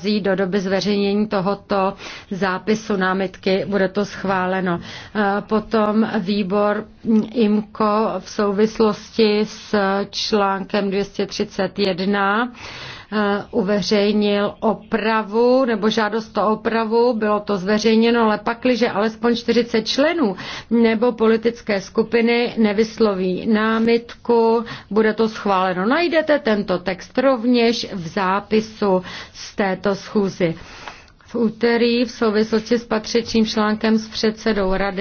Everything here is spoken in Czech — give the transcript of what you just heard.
zí do doby zveřejnění tohoto zápisu námitky, bude to schváleno. Eh, potom výbor IMKO v souvislosti s článkem 231 eh, uveřejnil opravu nebo žádost o opravu, bylo to zveřejněno, ale pakli, že alespoň 40 členů nebo politické skupiny nevysloví námitku, bude to schváleno. Najdete tento text rovněž v zápisu z této této schůzi. V úterý v souvislosti s patřičným článkem s předsedou Rady